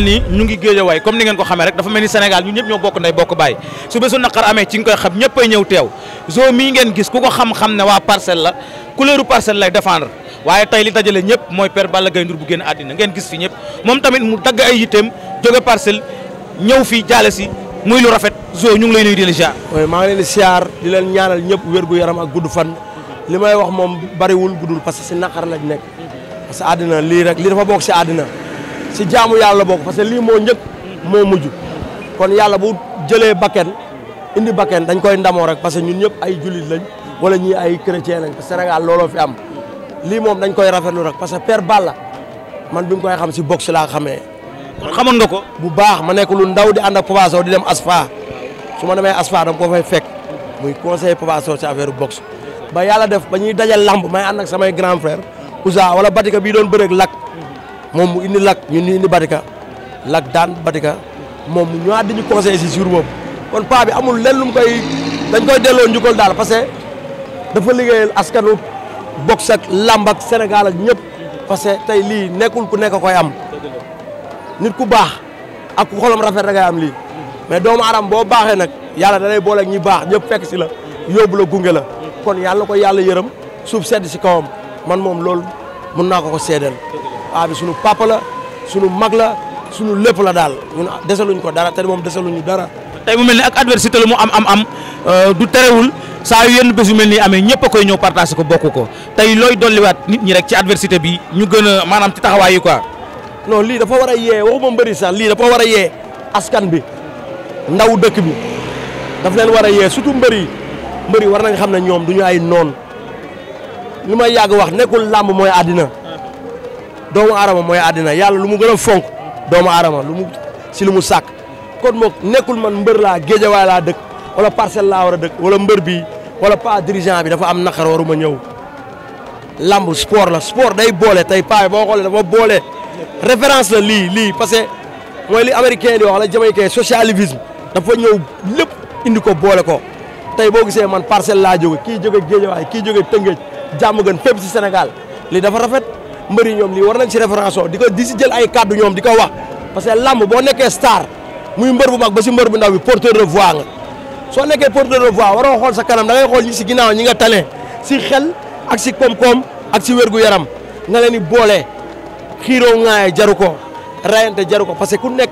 nii ñu ngi waay comme ni ngeen ko xamee rek dafa mel ni Sénégal ñu ñëpp ñoo bokk ndey bokk bàyyi su bésu naqar amee ci nga koy xam ñëpp ay ñëw teew zoo mii ngeen gis ku ko xam-xam ne waa parcelle la couleur parcelle lay défendre waaye tey li dajale ñëpp mooy père Balla Gaye Ndour bu génn àddina ngeen gis fi ñëpp moom tamit mu dagg ay yitteem jóge parcelle ñëw fii jaale si muy lu rafet zoo ñu ngi lay nuyu di la si waaye maa ngi leen di ziar di leen ñaanal ñëpp wér gu yaram ak gudd fan li may wax moom bariwul guddul parce que si naqar lañ nekk parce que lii rek lii dafa bokk si àddina si jaamu yàlla bokk parce que lii moo njëkk moo mujj kon yàlla bu jëlee bakken indi bakken dañ koy ndamoo rek parce que ñun ñëpp ay jullit lañ wala ñii ay chrétien lañ Sénégal looloo fi am lii moom dañ koy rafetlu rek parce que Père Balla man bi nga koy xam si boxe laa xamee. kon xamoon ko. bu baax ma nekk lu ndaw di ànd ak Papa di dem Asfa su ma demee Asfa dama ko fay fekk muy conseiller Papa Sow si affaire boxe ba yàlla def ba ñuy dajal lamb may ànd ak samay moom mu indi Lac ñun ñu indi Batika Lac daan Batika moom mu ñëwaat di ñu conseillé si jour kon paa bi amul lenn lu mu koy dañ koy delloo njukkal daal parce que dafa liggéeyal askanu box ak làmb ak Sénégal ak ñëpp parce que tey lii nekkul ku nekk koy am nit ku baax ak ku xolam rafet da ngay lii mais doomu aadama boo baaxee nag yàlla da lay boole ñi baax ñëpp fekk si la yóbbu gunge la kon yàlla ko yàlla yërëm suuf sedd si kawam man moom loolu mun naa ko ko seedeel abi sunu papa la sunu mag la sunu lépp la daal ñun desaluñ ko dara te moom desaluñu dara. tey mu mel ni ak adversité la mu am am am euh, du terewul saa yu yenn bés yu mel nii amee ñëpp koy ñëw partagé ko bokk ko tey looy dolliwaat nit ñi rek ci adversité bi ñu gën a maanaam ci taxawaay yi quoi. non lii dafa war a yee waxuma mbëri sax lii dafa war a yee askan bi ndaw dëkk bi daf leen war a yee surtout mbëri yi mbër war nañ xam ne ñoom du ñu ay noon li may yàgg wax nekkul làmb mooy àddina. doomu aadama mooy àddina yàlla lu mu gën a fonk doomu aadama lu mu si lu mu sàkk kon moom nekkul man mbër laa géejawaay laa dëkk wala parcelle la war a dëkk wala mbër bi wala pas dirigeant bi dafa am naqar waruma ñëw lamb sport la sport day boole tey paa boo xoolee dafa boole référence la lii lii parce que mooy li américain di wax la jamaïcain socialisme dafa ñëw lépp indi ko boole ko tey boo gisee man parcelle laa jóge kii jóge géejawaay kii jóge tëngéej jàmm gën fépp si Sénégal mbëri ñoom lii war nañ si référence di ko di si jël ay kàddu ñoom di ko wax parce que làmb boo nekkee star muy mbër bu mag ba si mbër bu ndaw bi porteur de a nga soo nekkee porteur de voix waroo xool sa kanam da ngay xool ñi si ginnaaw ñi nga tane si xel ak si koom-koom ak si wér-gu-yaram nga leen di boole xiiroo ŋaaye jaru ko rayante jaru ko parce que ku nekk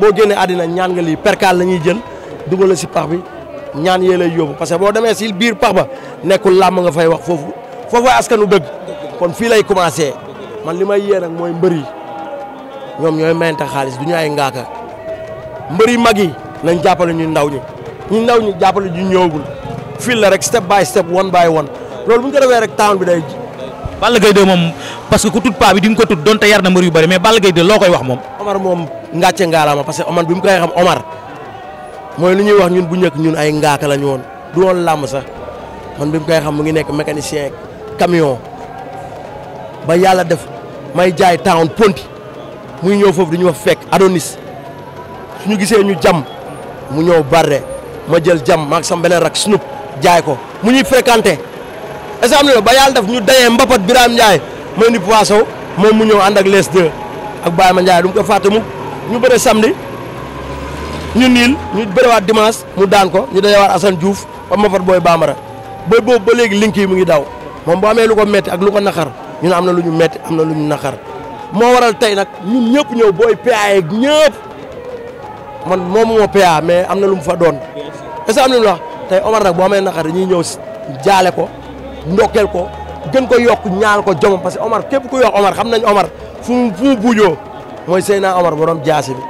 boo génnee àddina ñaan nga lii percal la ñuy jël dugal si pax bi ñaan yee lay yóbbu parce que boo demee si biir pax ba nekkul làmb nga fay wax foofu foofu askanu dëgg kon fii lay commencé man li may yee nag mooy mbër yi ñoom ñooy mayante xaalis du ñu ngaaka mbër yi mag yi nañ jàppale ñu ndaw ñi ñu ndaw ñi jàppale ñu ñëwagul fil la rek step by step one by one loolu bu ñu ko defee rek town bi day ji. Balla Gaye moom parce que ku tut paa bi ko tut donte yar na mbër yu bëri mais Balla Gaye loo koy wax moom. Omar moom ngàcce ngaalaama parce que Omar bi mu koy xam Omar mooy lu ñuy wax ñun bu njëkk ñun ay ngaaka la ñu woon du woon làmb sax man bi mu koy xam mu ngi nekk mécanicien camion yàlla def. may jaay town ponti muy ñëw foofu du ñu fa fekk adonis ñu gisee ñu jam mu ñëw barre ma jël jam maag sama beneen rak snoop jaay ko mu ñuy fréquenté exemple ba yàlla def ñu dayee mbapat Birame Ndiaye mooy ni poisson moom mu ñëw ànd ak les deux ak Baye Ma Ndiaye du mu ko fàtte mu ñu bëre samedi ñu niil ñu bëriwaat dimanche mu daan ko ñu dajewaat Assane Diouf ba mbapat booy Bambara ba boobu ba léegi link yi mu ngi daw moom bu amee lu ko metti ak lu ko naqar ñu na am na lu ñu metti am na lu ñu naqar moo waral tey nag ñun ñëpp ñëw booy PA yeeg ñëpp man moom moo PA mais am na lu mu fa doon. est-ce que am na lu wax tey Omar nag boo amee naqar dañuy ñëw jaale ko ndokeel ko gën ko yokk ñaal ko jomam parce que Omar képp ku yokk Omar xam nañ Omar fu mu fu mu buujoo mooy Seyna Omar borom jaasi bi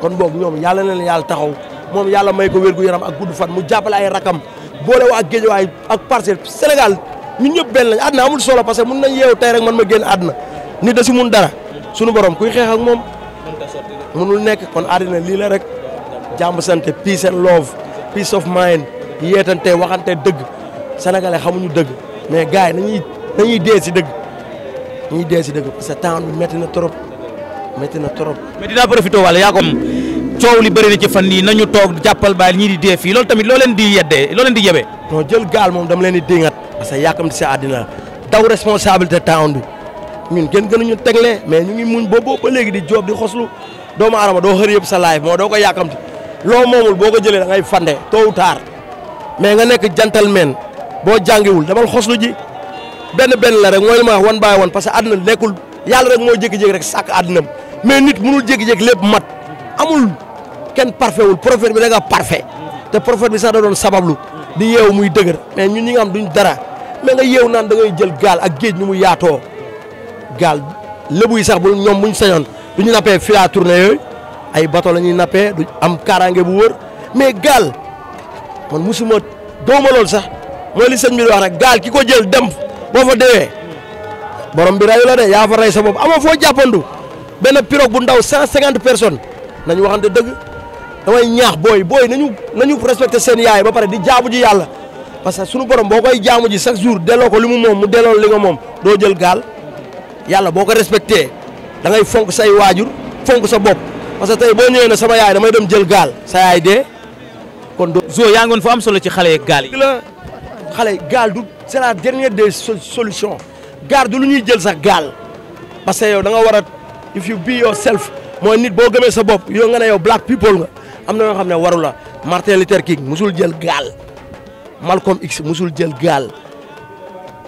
kon boobu ñoom yàlla na leen yàlla taxaw moom yàlla may ko wér gu yaram ak gudd fan mu jàppale ay rakam boole waa Guédiawaye ak Parcelles Sénégal ñu ñëpp benn lañ àddina amul solo parce que mun nañ yeewu tey rek man ma génn na nit da si mun dara suñu borom kuy xeex ak moom mënul nekk kon àddina lii la rek jàmb sante peace and love peace of mind yeetante waxante dëgg sénégalais xamuñu dëgg mais gars yi nañuy nañuy dee si dëgg nañuy dee si dëgg parce que temps bi métti na trop métti na trop. mais dinaa profité wala yaa ko coow li bëri na ci fan yii nañu toog jàppal baal ñii di dee fii loolu tamit loo leen di yeddee loo leen di yebee. non jël gaal moom dama leen di dingat parce que yàkkamti si àddina taw responsabilité town bi ñun gën gënuñu tegle mais ñu ngi muñ ba boobu ba léegi di joob di xoslu doomu aadama doo xër yëpp sa life moo doo ko yàkkamti loo moomul boo ko jëlee da ngay fande tôt ou tard mais nga nekk gentleman boo jàngiwul demal xoslu ji benn benn la rek mooy li ma wax wan bàyyi wan parce que àddina nekkul yàlla rek moo jékki-jékki rek sàkk àddinam mais nit mënul jékki-jékki lépp mat amul kenn parfait wul prophète bi da nga te prophète bi sax da di yeew muy dëgër mais ñun ñi nga xam duñ dara mais nga yeew naan da ngay jël gaal ak géej ñu mu yaatoo gaal lébu yi sax bu ñoom buñ sañoon du ñu nappee fil à yooyu ay bato la nappee du am kaaraange bu wër mais gaal man musuma dooma lool sax mooy li sëñ bi wax rek gaal ki ko jël dem boo fa dewee borom bi rayu la de yaa fa rey sax bopp amoo foo jàppandu benn pirogue bu ndaw cent cinquante personnes nañu waxante dëgg damay ñaax booy booy nañu nañu respecté seen yaay ba pare di jaabu ji yàlla parce que sunu borom boo koy jaamu ji chaque jour delloo ko lu mu moom mu delloo li nga moom doo jël gaal yàlla boo ko respecté da ngay fonk say waajur fonk sa bopp parce que tey boo ñëwee na sama yaay damay dem jël gaal sa yaay dee kon doo. zo yaa ngoon fa am solo ci xale yeeg gaal yi. la xale gaal du c'est la dernière des solution gaal du lu ñuy jël sax gaal parce que yow da war a if you be yourself mooy nit boo gëmee sa bopp yow nga ne yow black people nga am na yoo xam ne waru la Martin Luther King musul jël gaal. Malcolm X musul jël gaal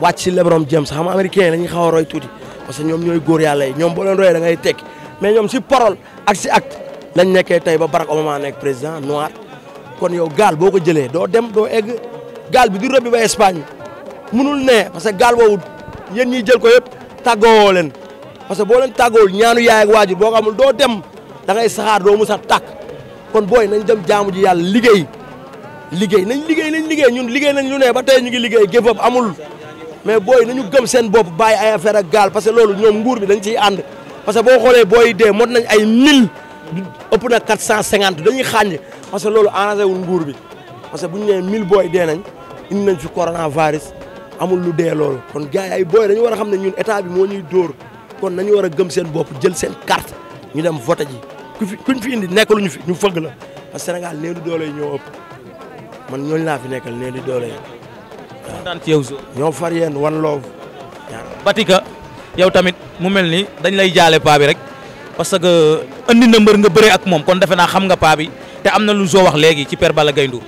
wàcc si LeBron James xam nga américain yi la ñuy xaw a roy tuuti parce que ñoom ñooy góor yàlla ñoom boo leen royee da ngay tekki mais ñoom si parole ak si ak lañ nekkee tey ba Barack Obama nekk président noir kon yow gaal boo ko jëlee doo dem doo egg gaal bi du rëbbi ba Espagne munul ne parce que gaal boobu yéen ñiy jël ko yëpp tàggoo leen parce que boo leen tàggoowul ñaanu yaay ak waajur boo ko amul doo dem dangay ngay saxaar doo mus a tàkk kon booy nañ dem jaamu ji yàlla liggéey liggéey nañ liggéey nañ liggéey ñun liggéey nañ lu ne ba tey ñu ngi liggéey give up amul mais booy nañu gëm seen bopp bàyyi ay affaire ak gaal parce que loolu ñoom nguur bi dañ ciy ànd parce que boo xoolee booy dee nañ ay mille ëpp na quatre cent dañuy xàññ parce que loolu arrangé wul nguur bi parce que bu ñu nee mille booy dee nañ indi nañ fi coronavirus amul lu de loolu kon gars yi ay booy dañu war a xam ne ñun état bi moo ñuy dóor kon nañu war a gëm seen bopp jël seen carte ñu dem vote ji ku fi kuñ fi indi nekk lu ñu fi ñu fëgg la parce que Sénégal néew doole yi ñoo ëpp man ñooñu laa fi nekkal nee di doole waaw daan ci yow so ñoom far yéen wan loof Batika yow tamit mu mel ni dañ lay jaale paa bi rek parce que andi na mbër nga bëree ak moom kon defe naa xam nga paa bi te am na lu soo wax léegi ci Père Balla Gaye Ndour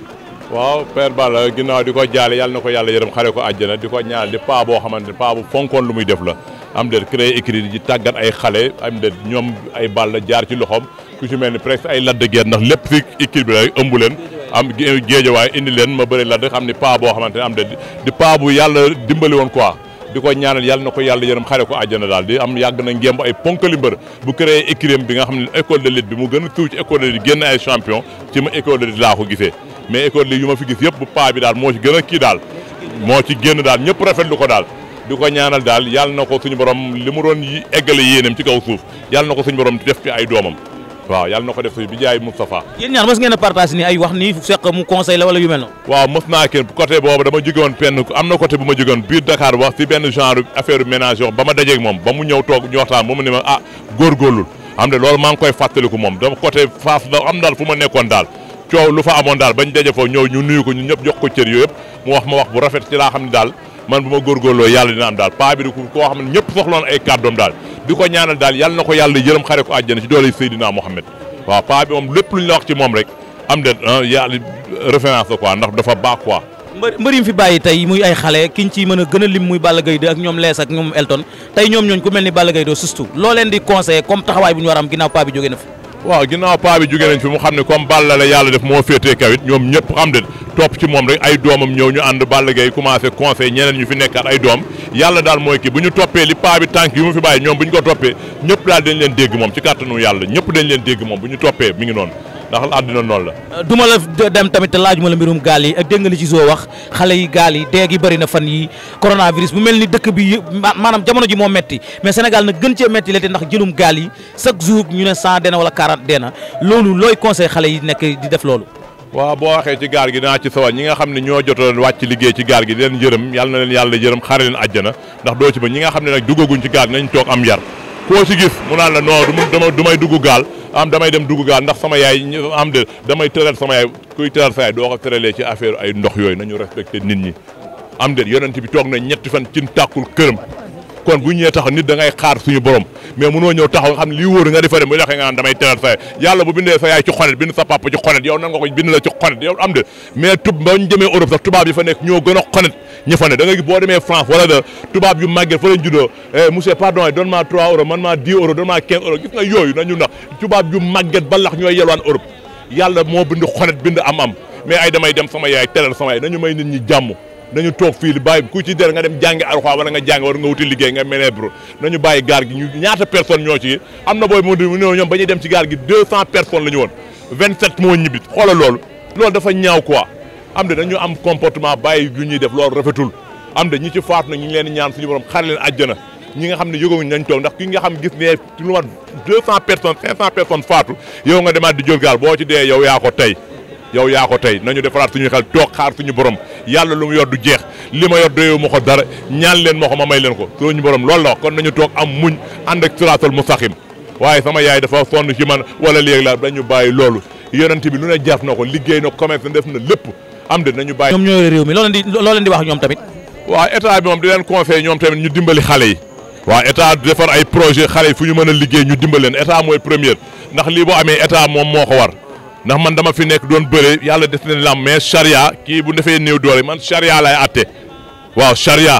waaw Père Balla ginnaaw di ko jaale yàlla na ko yàlla yërëm xare ko àjjana di ko ñaal di paa boo xamante ne paa bu fonkoon lu muy def la am déet créé écrit di tàggat ay xale am déet ñoom ay Balla jaar ci loxoom ku ci mel ni pr ay ladde guerre ndax lépp fi écrit leen am géejawaay indi leen ma bëri la da xam ni paa boo xamante ne am de di paa bu yàlla dimbali woon quoi di ko ñaanal yàlla na ko yàlla yërëm xare ko àjjana daal di am yàgg na ngemb ay ponkali mbër bu créé écrim bi nga xam ne école de lutte bi mu gën a tuuw ci école de lutte génn ay champion ci ma école de lutte laa ko gisee mais école de lutte yu ma fi gis yëpp bu paa daal moo ci gën kii daal moo ci génn daal ñëpp rafetlu ko daal di ko ñaanal daal y na ko suñu borom li mu doon eggale yéeneem na ko suñu borom def ci doomam waaw yàlla na ko def bi jaay Moustapha yéen ñaar mos ngeen a partage ni ay wax ni seq mu conseil la wala yu mel noonu waaw mos naa kenn côté boobu dama jóge woon penn am na côté bu ma jóge woon biir Dakar wax fi benn genre affaire ménage yoo ba ma dajeeg moom ba mu ñëw toog ñu waxtaan ah, maa ngi koy fàttaliku moom dama côté faas da am daal fu ma nekkoon daal coow lu fa amoon daal bañ daje foofu ñëw ñu nuyu ko ñu ñëpp jox ko cër yooyu yëpp mu wax ma wax bu rafet ci laa xam ne daal man bu ma góorgóorloo yàlla dina am daal koo xam ne ñëpp soxloon ay kàddoom daal di ko ñaanal daal yàlla na ko yàlla yërëm xare ko àjjana ci doole Seydina Mohamed waaw paa bi moom lépp lu ñu la wax ci moom rek am de ah, yàlla référence la ndax dafa baax quoi. mbër yi fi bàyyi tey muy ay xale kiñ ci mën a gën a lim muy Balla Gaye ak ñoom Lees ak ñoom Elton tey ñoom ñooñ ku mel ni Balla Gaye 2 surtout di conseillé comme taxawaay bu ñu war a am ginnaaw jóge nañ fi mu xam ne comme Balla la yàlla def moo féetee kaw ñoom ñëpp yàlla daal mooy kii bu ñu toppee li paa bi tànk yi mu fi bàyyi ñoom bu ñu ko toppee ñëpp daal dañ leen dégg moom ci kàttanu yàlla ñëpp dañ leen dégg moom bu ñu toppee mi ngi noonu ndax àddina noonu la euh, du la dem tamit laajuma la mbirum gaal yi ak dégg ci soo wax xale yi gaal yi dee gi bëri na fan yi coronavirus bu mel ni dëkk bi maanaam jamono ji moo metti mais Sénégal na gën cee metti la te ndax jëlum gaal yi chaque jour ñu ne cent dena wala quarante dena loolu looy conseil xale yi nekk di def loolu waaw boo waxee ci gaal gi naa ci sawar ñi nga xam ne ñoo jotoon wàcc liggéey ci gaal gi di leen yërëm yàlla na leen yàlla yërëm xare leen àjjana ndax doo ci ba ñi nga xam ne nag duggaguñ ci nañ toog am yar koo ci gis mu naan la non dama du may dugg gaal am damay dem dugg gaal ndax sama yaay am de damay tëral sama yaay kuy tëral sa yaay doo ko tëralee ci affaire ay ndox yooyu nañu respecté nit ñi am de yonent bi toog nañ ñetti fan cin tàkkul këram kon bu ñëwee taxaw nit da ngay xaar suñu borom mais mënoo ñëw taxaw nga xam ne lii wóor nga defaree muy laxe nga naan damay teral sa yàlla bu bindee sa yaay ci xonet bind sa papa ci xonet yow la ci xonet yow am de mais tub bañ a xonet eh, nañu nax tubaab yu màgget ba lax ñooy yelwaan Europe yàlla moo bind xonet bind am am mais damay dem sama yaay teral sama yaay nañu may nit ñi jàmm nañu toog fii di bàyyi ku ci der nga dem jàngi alxuraan wala nga jàngi war nga wuti liggéey nga ménébre nañu bàyyi gaal gi ñu ñaata personnes ñoo ci am na booy mu néew ñoom ba ñuy dem ci gaal gi deux cent personnes la woon vingt sept moo ñibbit xoolal loolu loolu dafa ñaaw quoi am de dañu am comportement bàyyi yu ñuy def loolu rafetul am de ñi ci faatu na ñu ngi leen ñaan suñu borom xar leen àjjana ñi nga xam ne yëgawuñ nañ toog ndax ki nga xam gis ne lu mat deux cent personnes cinq cent di jël boo ci dee yow yaa ko tey yow yaa ko tey nañu defaraat suñuy xel toog xaar suñu borom yàlla lu mu yor du jeex li ma yor doyoo ma ko dara ñaan leen moo ko ma may leen ko suñu borom loolu la wax kon nañu toog am muñ ànd ak siraatal mustaqim waaye sama yaay dafa sonn ci man wala léegi la dañu bàyyi loolu yonent bi lu ne jar na ko liggéey na commerce def na lépp am de nañu bàyyi. ñoom ñoo wax ñoom tamit. waaw état bi moom di leen conseillé ñoom tamit ñu dimbali xale yi. waaw état defar ay projet xale yi fu ñu mën a liggéey ñu dimbali leen état ndax lii boo amee état moom moo ko war ndax man dama fi nekk doon bëre yàlla def na lam mais charia kii bu defee néew doole man charia lay atte waaw charia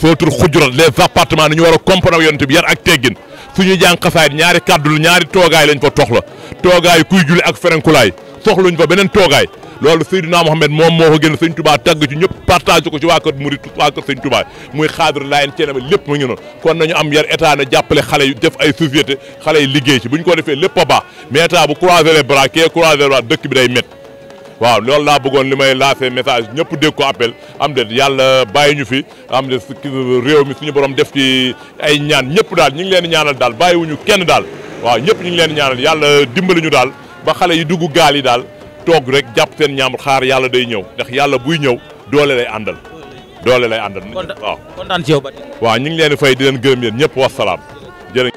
footul xujurat les appartements ni ñu war a comprendre yonent bi yar ak teggin fu ñu jàng xasaayit ñaari kàddul ñaari toogaay lañ fa toxla toogaayu kuy julli ak ferenkulaay soxluñ fa beneen toogaay loolu Seydina Mohamed moom moo ko génn sëñ Touba tagg ci ñëpp partage ko ci waa kër Mouride waa kër sëñ Touba muy xaadir laayeen ceene ba lépp mu ngi kon nañu am yar état na jàppale xale yu def ay société xale yi liggéey ci bu ñu ko defee lépp a baax mais état bu croiser les bras kee croiser les dëkk bi day métti waaw loolu laa bëggoon li may lancé message ñëpp dégg ko appel am de yàlla bàyyi ñu fi am de réew mi suñu borom def ci ay ñaan ñëpp daal ñu ngi leen ñaanal daal bàyyiwuñu kenn daal waaw ñëpp ñu leen ñaanal yàlla dimbali ñu daal ba xale yi dugg gaal yi daal toog rek jàpp seen ñaamul xaar yàlla day ñëw ndax yàlla buy ñëw doole lay àndal. doole lay àndal. waaw kontaan ci yow ñu ngi leen di fay di leen gërëm yéen ñëpp wasalaam jërë